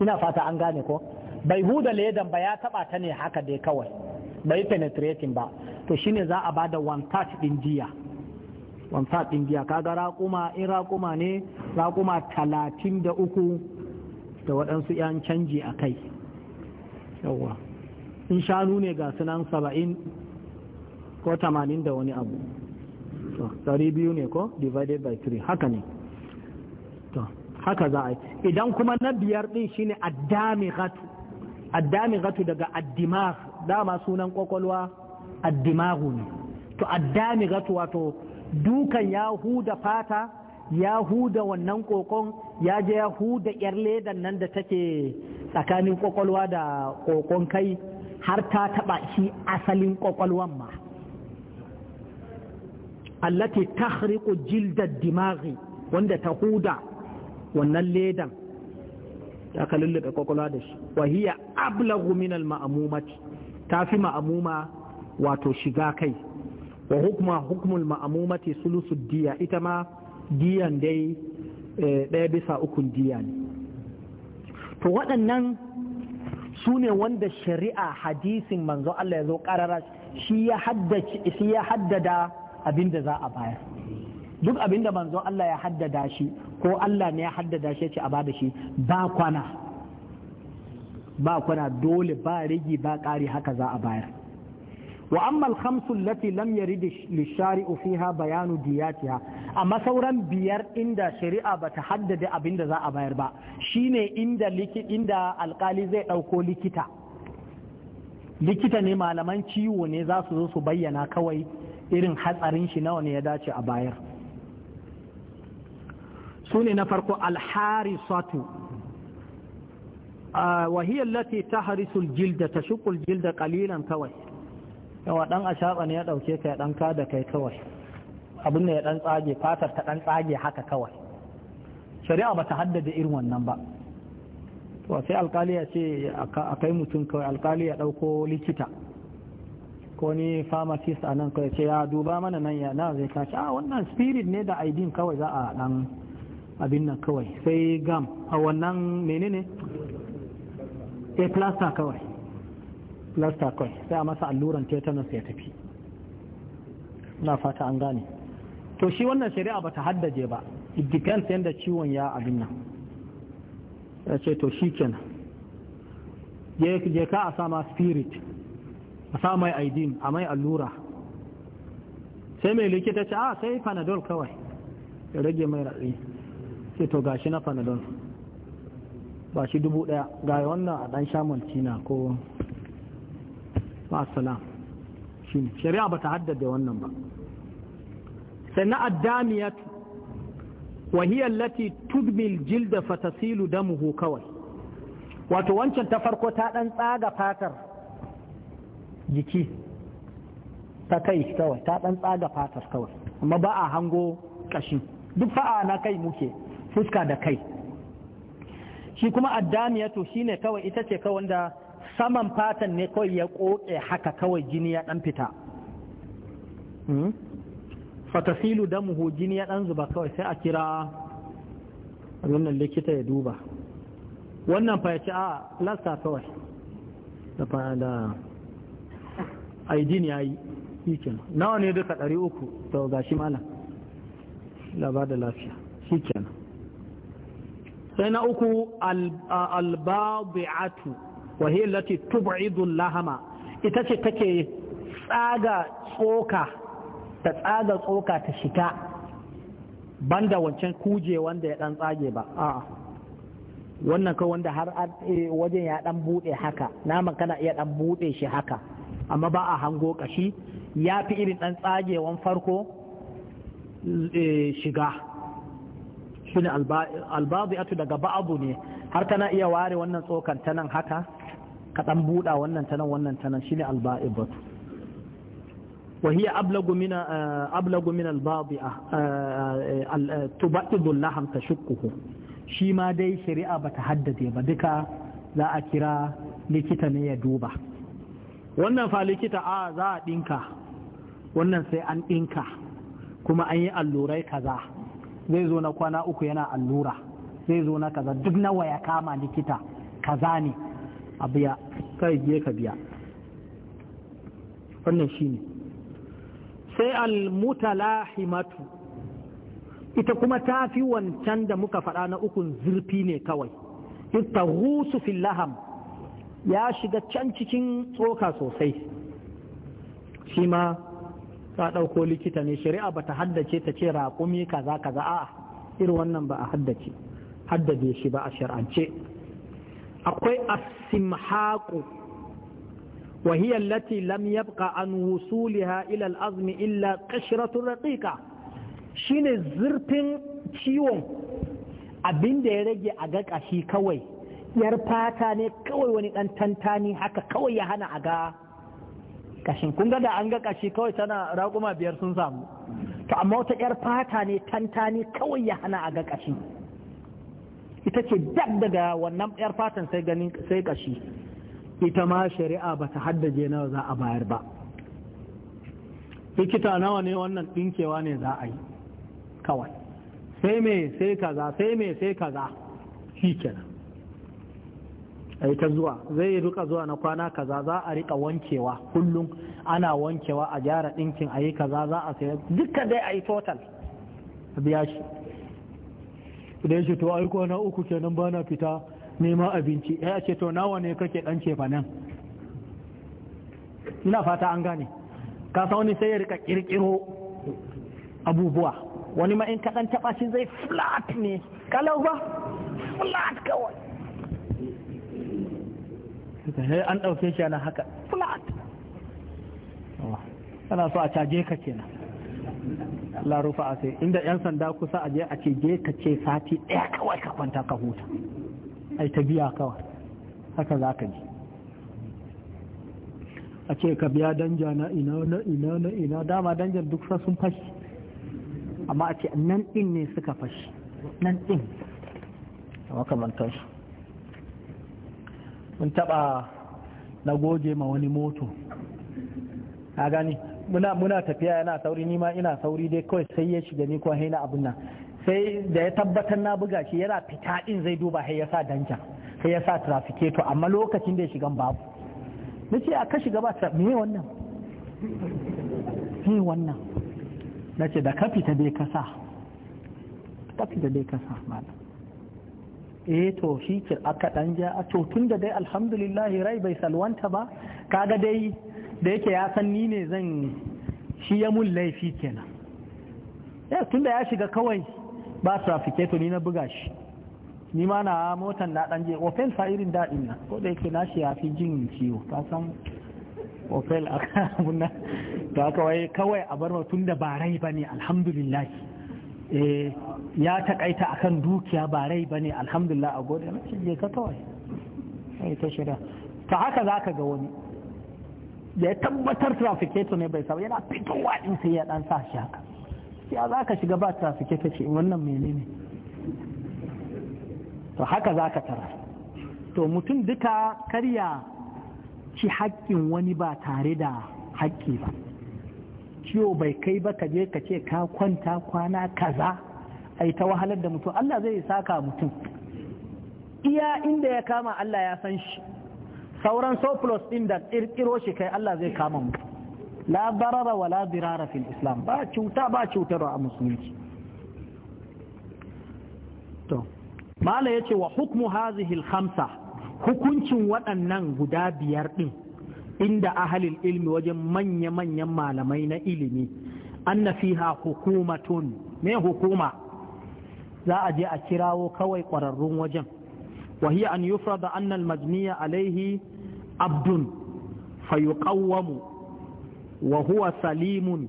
ina fata an gane ko bai huda ledan ba ya taba ta ne haka dai kawai bai penetrating ba to shine za a bada one third din jiya one part din jiya kaga raƙuma in raƙuma ne raƙuma talatin da uku da waɗansu 'yan canji a kai in shanu ne ga sunan saba'in ko tamanin da wani abu to ɗari biyu ne ko divided by three haka ne to haka za a yi idan kuma na biyar ɗin shine addami gatu addami gatu daga addimar dama sunan kwakwalwa addimahu ne to addami gatu wato dukan ya huda fata ya huda wannan kokon ya je ya huda yar ledan nan da take tsakanin kwakwalwa da kokon kai har ta taɓa shi asalin ƙwaƙwalwan ma allati tahriqu jildar dimaghi wanda ta huda wannan ledan ta ka lullube kwakwalwa da shi wahiya hiya ablaghu min ma'amumati ta fi ma'amuma wato shiga kai wa hukma hukmul ma'amumati sulusu diya ita ma diyan dai eh, ɗaya bisa ukun diya ne to waɗannan su ne wanda shari'a hadisin manzo Allah ya zo karara shi ya haddada abin da za a bayar duk abin da manzo Allah ya haddada shi ko Allah ne ya haddada shi ce a bada shi ba kwana ba kwana dole ba rigi ba ƙari haka za a bayar wa amma alhamsu lati lam yarid lishari'u fiha bayanu diyatiha amma sauran biyar inda shari'a bata haddada abin da za a bayar ba shine inda inda alkali zai ɗauko likita likita ne malaman ciwo ne zasu zo su bayyana kawai irin hatsarin shi nawa ne ya dace a bayar su ne na farko alharisatu وهي التي تهرس الجلد تشق الجلد قليلا kawai. yawa dan shaɓa ne ya ɗauke ka ya ɗan ka da kai kawai abin da ya ɗan tsage fatar ta ɗan tsage haka kawai shari'a ba ta haddada irin wannan ba to sai alkali ya ce a kai mutum kawai alkali ya ɗauko likita ko ni pharmacist a nan kawai ce ya duba mana nan ya na zai kaci a wannan spirit ne da aidin kawai za a dan abin nan kawai sai gam a wannan menene a plaster kawai plaster kai sai a masa alluran tetanus ya tafi na fata an gane to shi wannan shari'a ba ta haddaje ba it depends yadda ciwon ya abin nan ya ce to shi kenan je ka a sama spirit a sa mai aidin a mai allura sai mai likita ce a ah, sai panadol kawai ya rage mai raɗi sai to gashi na panadol ba shi dubu ɗaya ga wannan a ɗan na ko fasala shi shari'a ba ta haddada wannan ba sai na addamiyat wahiyar allati tudmil jilda fatasilu damuhu kawai wato wancan ta farko ta ɗan tsaga fatar jiki ta kai kawai ta ɗan tsaga fatar kawai amma ba a hango ƙashin duk fa'a na kai muke fuska da kai shi kuma addamiyatu shine kawai ita ce kawai wanda saman fatan ne kawai ya koke haka kawai jini ya ɗan fita hmm? fatasilu damuhu jini ya ɗan zuba kawai sai a kira wannan likita ya duba wannan fa ya ce a lasta kawai da da aidin ya yi shikin nawa ne duka ɗari uku da ga malam laba da lafiya shikin sai na uku albabi'atu wa hiya allati tub'idu lahama ita ce take tsaga tsoka ta tsaga tsoka ta shika banda wancan kuje wanda ya dan tsage ba a wannan kai wanda har eh, wajen ya dan bude haka naman kana iya dan bude shi haka amma ba a hango kashi ya fi irin dan tsagewan farko eh, shiga shine atu daga ba'abu ne har tana iya ware wannan tsokan ta nan haka kaɗan buɗa wannan tanan wannan tanan shine alba'ibatu wa hiya ablagu min eh, ablagu min ah, eh, eh, tubaddu laham tashukkuhu shi ma dai shari'a bata haddade ba duka za a kira likita ne ya duba wannan fa likita a za a ɗinka wannan sai an ɗinka kuma an yi allurai kaza zai zo na kwana uku yana allura zai zo na kaza duk nawa ya kama likita kaza ne a biya kai biye ka biya wannan shi ne sai al-mutalahimatu ita kuma ta fi wancan da muka faɗa na ukun zurfi ne kawai ita husu laham ya shiga can cikin tsoka sosai shi ma ta ɗauko likita ne shari'a ba ta haddace ta ce raƙumi kaza kaza a irin wannan ba a haddace haddade shi ba a shar'ance akwai asimhaku وهي التي لم يبقى عن وصولها إلى الأظم إلا قشرة رقيقة شين الزرتن ciwon abin da ya rage a ga ƙashi kawai yar fata ne kawai wani ɗan tantani haka kawai ya hana a ga ƙashin kun ga da an ga ƙashi kawai tana raƙuma biyar sun samu to amma wata yar fata ne tantani kawai ya hana a ga ƙashi ita ce dab daga wannan yar fatan sai ganin sai kashi ita ma shari'a ba ta haddace nawa za a bayar ba likita nawa ne wannan dinkewa ne za a yi kawai sai me sai kaza sai me sai kaza shi kenan a ta zuwa zai rika zuwa na kwana kaza za a rika wankewa kullum ana wankewa a gyara dinkin ayi kaza za a sai duka dai a total biya shi da ya ce to ai kwana uku kenan bana fita nema abinci ya eh, ce to nawa ne kake dan cefa nan ina fata an gane ka san wani sai ya rika kirkiro abubuwa wani ma in ka dan taba shi zai flat ne kalau ba flat kawai Sai eh, an ɗauke shi ana haka flat ana so a caje ka kenan larufa a sai inda yan sanda kusa a je a ce je ka ce sati ɗaya kawai ka kwanta ka huta ai ta biya kawai haka za ka ji a ce ka biya danja na ina na ina na ina dama danjan duk sun fashi amma a ce nan ɗin ne suka fashi nan ɗin a makamantar mun taɓa na goge ma wani moto ka gani muna muna tafiya yana sauri ni ma ina sauri dai kawai sai ya shiga ni ko haina abun nan sai da ya tabbatar na buga shi yana fita din zai duba har ya sa danja sai ya sa trafiketo amma lokacin da ya shiga babu nace a ka shiga ba me wannan me wannan nace da ka fita dai ka sa ka fita dai ka sa malam eh to shi ke aka danja a to tunda dai alhamdulillah rai bai salwanta ba kaga dai da yake ya san ni ne zan shi ya mun laifi kenan ya tunda ya shiga kawai ba to ni na buga shi ni ma na motar na dan je ofel sa irin daɗin na ko da yake na shi ya fi jin ciwo ka san ofel a kan ta kawai kawai a bar tun da barai ba ne alhamdulillah eh, ya takaita akan dukiya barai ba ne alhamdulillah a gode na shi je ka kawai ta ta haka za ka ga wani da ya tabbatar trafiketo ne bai saba yana fitowa in sai ya ɗan sa shi haka ya za ka shiga ba trafiketo ce wannan menene to haka za ka tara to mutum duka karya ci haƙƙin wani ba tare da haƙƙi ba ciwo bai kai ba ka je ka ce ka kwanta kwana kaza ai ta wahalar da mutum Allah zai saka mutum iya inda ya kama Allah ya san shi sauran surplus ɗin da ƙirƙiro shi kai Allah zai kama mu la barara wala dirara fil islam ba cuta ba cutarwa a musulunci to mala yace wa hukmu hazihi al khamsa hukuncin waɗannan guda biyar ɗin inda ahalil ilmi wajen manya-manyan malamai na ilimi anna fiha hukumatun me hukuma za a je a kirawo kawai ƙwararrun wajen وهي أن يفرض أن المجني عليه عبد فيقوم وهو سليم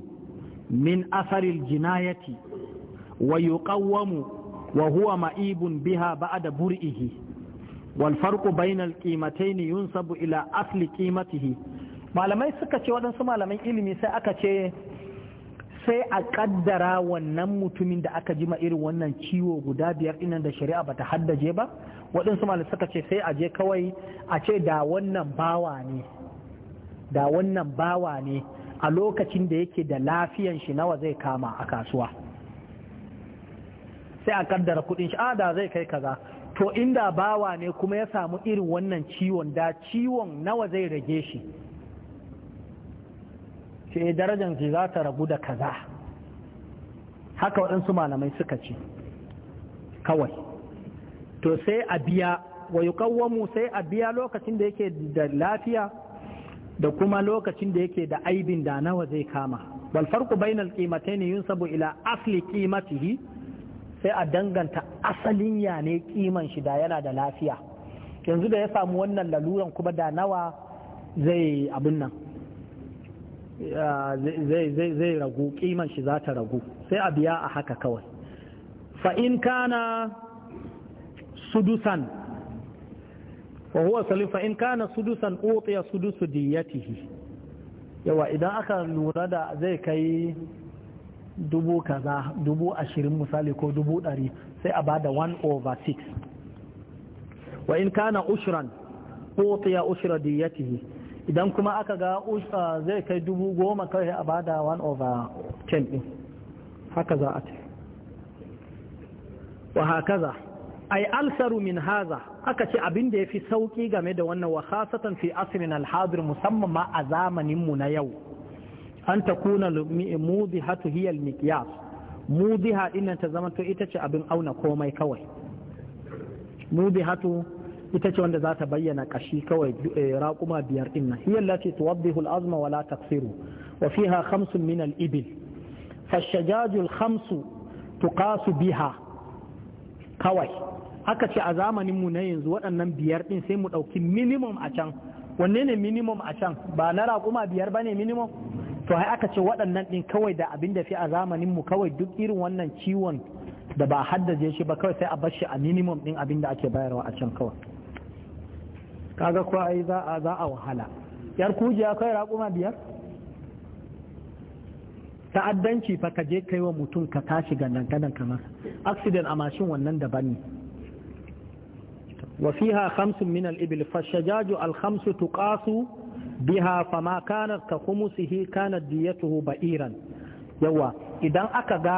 من أثر الجناية ويقوم وهو مئيب بها بعد برئه والفرق بين القيمتين ينسب إلى أصل قيمته malamai suka ce waɗansu سما لم sai aka sai a kaddara wannan mutumin da aka jima irin wannan ciwo guda biyar inan da shari'a bata haddace ba waɗansu malam suka ce sai a je kawai a ce da wannan bawa ne da wannan bawa ne a lokacin da yake da lafiyan shi nawa zai kama a kasuwa sai a kaddara kudin shi a ah, da zai kai kaza to inda bawa ne kuma ya samu irin wannan ciwon da ciwon nawa zai rage shi ce darajar ji za ta ragu da kaza haka waɗansu malamai suka ce kawai to sai a biya wa mu sai a biya lokacin da yake da lafiya da kuma lokacin da yake da aibin da nawa zai kama wal farqu bainal qimatayn yunsabu ila asli qimatihi sai a danganta asalin ya ne kiman shi da yana da lafiya yanzu da ya samu wannan laluran kuma da nawa zai abin nan zai ragu kiman shi za ta ragu sai a biya a haka kawai fa in kana sudusan wa huwa salim fa in kana sudusan utiya sudusu diyatihi yawa idan aka lura da zai kai dubu kaza dubu ashirin misali ko dubu ɗari sai a bada 1 over 6 wa in kana ushran utiya ushra diyatihi idan kuma aka ga uh, zai kai dubu goma kawai a bada 1 over 10 din haka za a ce wa a yi alsaru min haza aka ce abin da ya fi sauki game da wannan wa khasatan fi asirin alhadir musamman ma a zamanin mu na yau an ta kuna takuna mudihatu hiya almiqyas mudiha dinnan ta zama to ita ce abin auna komai kawai hatu. ita ce wanda za ta bayyana kashi kawai eh, raƙuma biyar ɗin nan hiya allati tuwaddihu al-azma wa la taksiru wa fiha khamsun min al-ibil fashajaju al-khamsu tuqasu biha kawai aka ce a zamanin mu na yanzu waɗannan biyar ɗin sai mu ɗauki minimum a can wanne ne minimum a can ba na raƙuma biyar ba ne minimum to hai aka ce waɗannan ɗin kawai da abin da fi a zamanin mu kawai duk irin wannan ciwon da ba haddace shi ba kawai sai a bar shi a minimum ɗin abin da ake bayarwa a can kawai kaga ko ai za a za a wahala yar kujiya kai raƙuma biyar ta'addanci fa ka je kai wa mutum ka tashi gannan kadan kamar accident a mashin wannan daban ne wa fiha khamsun min al-ibil fashajaju al-khamsu tuqasu biha fama kanat ka khumusihi kanat diyatuhu ba'iran yawa idan aka ga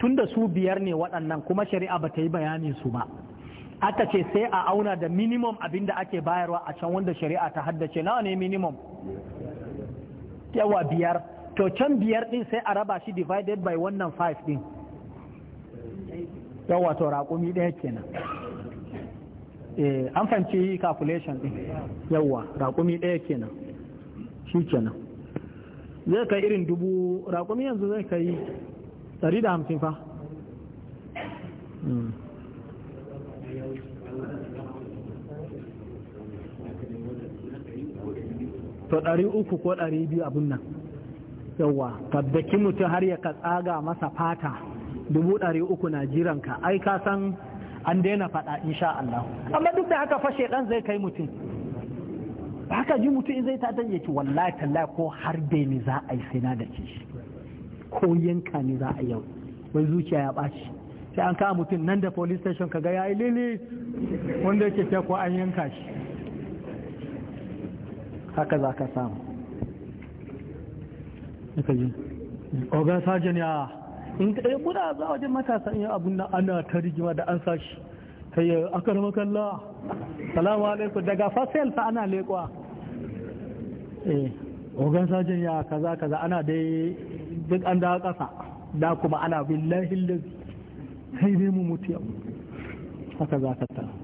tunda su biyar ne waɗannan kuma shari'a ba ta yi bayanin su ba aka ce sai a auna da minimum abin da ake bayarwa a can wanda shari'a ta haddace nawa ne minimum yawa biyar to can biyar din sai a raba shi divided by wannan 5 din yawa to raƙumi ɗaya kenan eh, an fanci calculation din yawa raƙumi ɗaya kenan shi kenan zai kai irin dubu raƙumi yanzu zai kai 150 fa hmm. to ɗari uku ko ɗari biyu abin nan yawwa tabbaki mutum har ya ka tsaga masa fata dubu ɗari uku na jiranka ai ka san an daina faɗa insha Allah amma duk da haka fashe ɗan zai kai mutum haka ji mutum in zai ta ya ki wallahi tallahi ko har dai ni za a yi sai na da shi ko yanka ni za a yau wai zuciya ya ɓaci sai an kawo mutum nan da police station ga ya yi lili wanda yake ko an yanka shi haka za ka samu ogan sajen ya in yi eh, kuna za wajen matasa in abin da ana ta rigima da an sashi hayyar akar makalla salamu alaikum daga fasil ta ana lekwa eh ogan sajen ya kaza kaza ana dai duk an dawo ƙasa da kuma ana billahi lahilin sai zai mu mutu yau haka za ka tara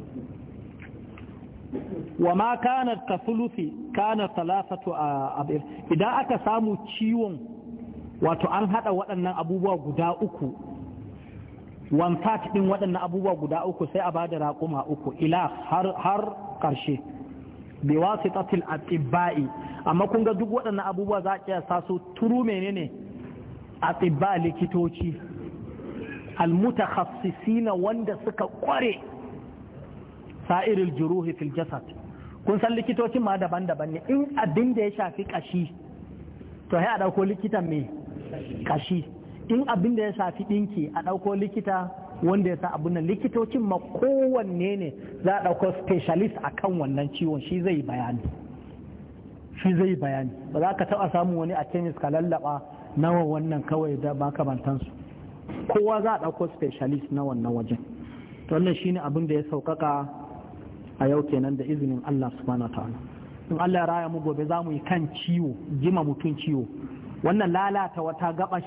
wa ma kana ka sulusi kana salasatu a abir idan aka samu ciwon wato an hada waɗannan abubuwa guda uku one third din waɗannan abubuwa guda uku sai a bada raƙuma uku ila har ƙarshe bi wasitatil atibba'i amma kun ga duk waɗannan abubuwa za a kiyasa su turu menene atibba likitoci al wanda suka kware sa'iril juruhi fil jasad kun san likitocin ma daban-daban ne in abin da ya shafi kashi to sai a dauko likitan me kashi in abin da ya shafi dinki a dauko likita wanda ya sa abun nan likitocin ma kowanne ne za a dauko specialist akan wannan ciwon shi zai bayani shi zai bayani ba za ka taba samun wani a tennis ka lallaba nawa wannan kawai da bantansu kowa za a dauko specialist na wannan wajen wannan shine abin da ya saukaka a yau kenan da izinin Allah subhanahu wa ta'ala in Allah ya raya mu gobe za mu yi kan ciwo jima mutum ciwo wannan lalata wata gaba